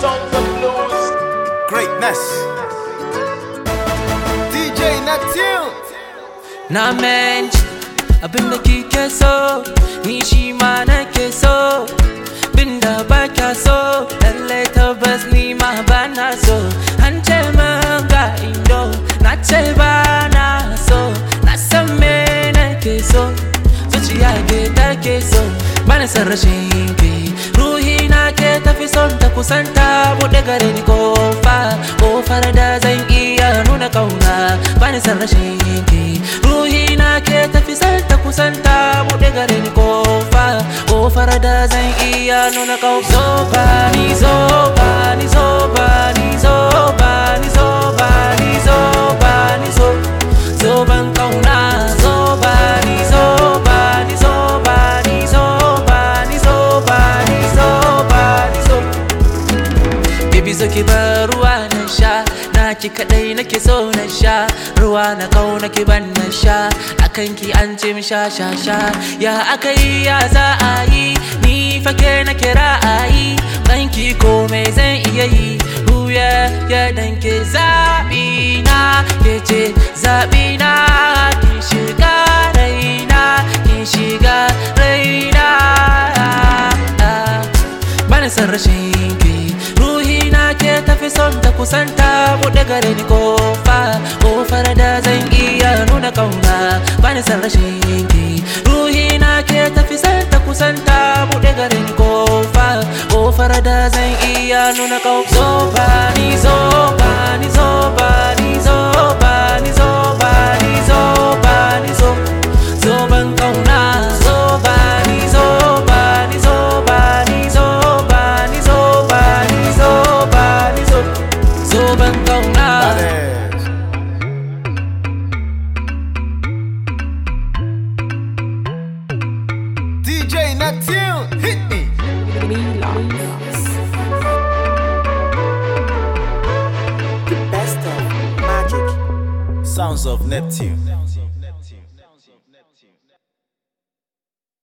songs of blues. Greatness. DJ Natune. Na mensch, abin da kike so, ni shi ma nake so. Bin da baka so, lalle tabbas ni ma bana so. An ce ga indo, na ce bana so. Na san me nake so, zuciya ke take so. Bana san rashin ke, ruwa son ta kusanta buɗe gare ni kofa kofar da zan iya nuna kauna bani san rashin ki ruhi na ke tafi san ta kusanta buɗe gare ni kofa kofar da zan iya nuna kauna so ni so nake ba ruwa na sha na ki kadai nake so na sha ruwa na kau ki ban na sha akan ki an ce mi sha sha sha ya akai ya za a yi ni fake na kira a yi banki komai zan iya yi huya ya danke zabi na ke ce zabi na ki shiga raina ki shiga raina ah, ah. bana san rashin sonta kusanta buɗe ni kofa kofar da zan iya nuna kauna bani san rashin ruhi na ke tafi santa kusanta buɗe ni kofa kofar da zan iya nuna kauna zo ba ni zo ba ni zo ba ni siento nada. DJ Neptune, hit me. The best of magic. Sounds of Neptune.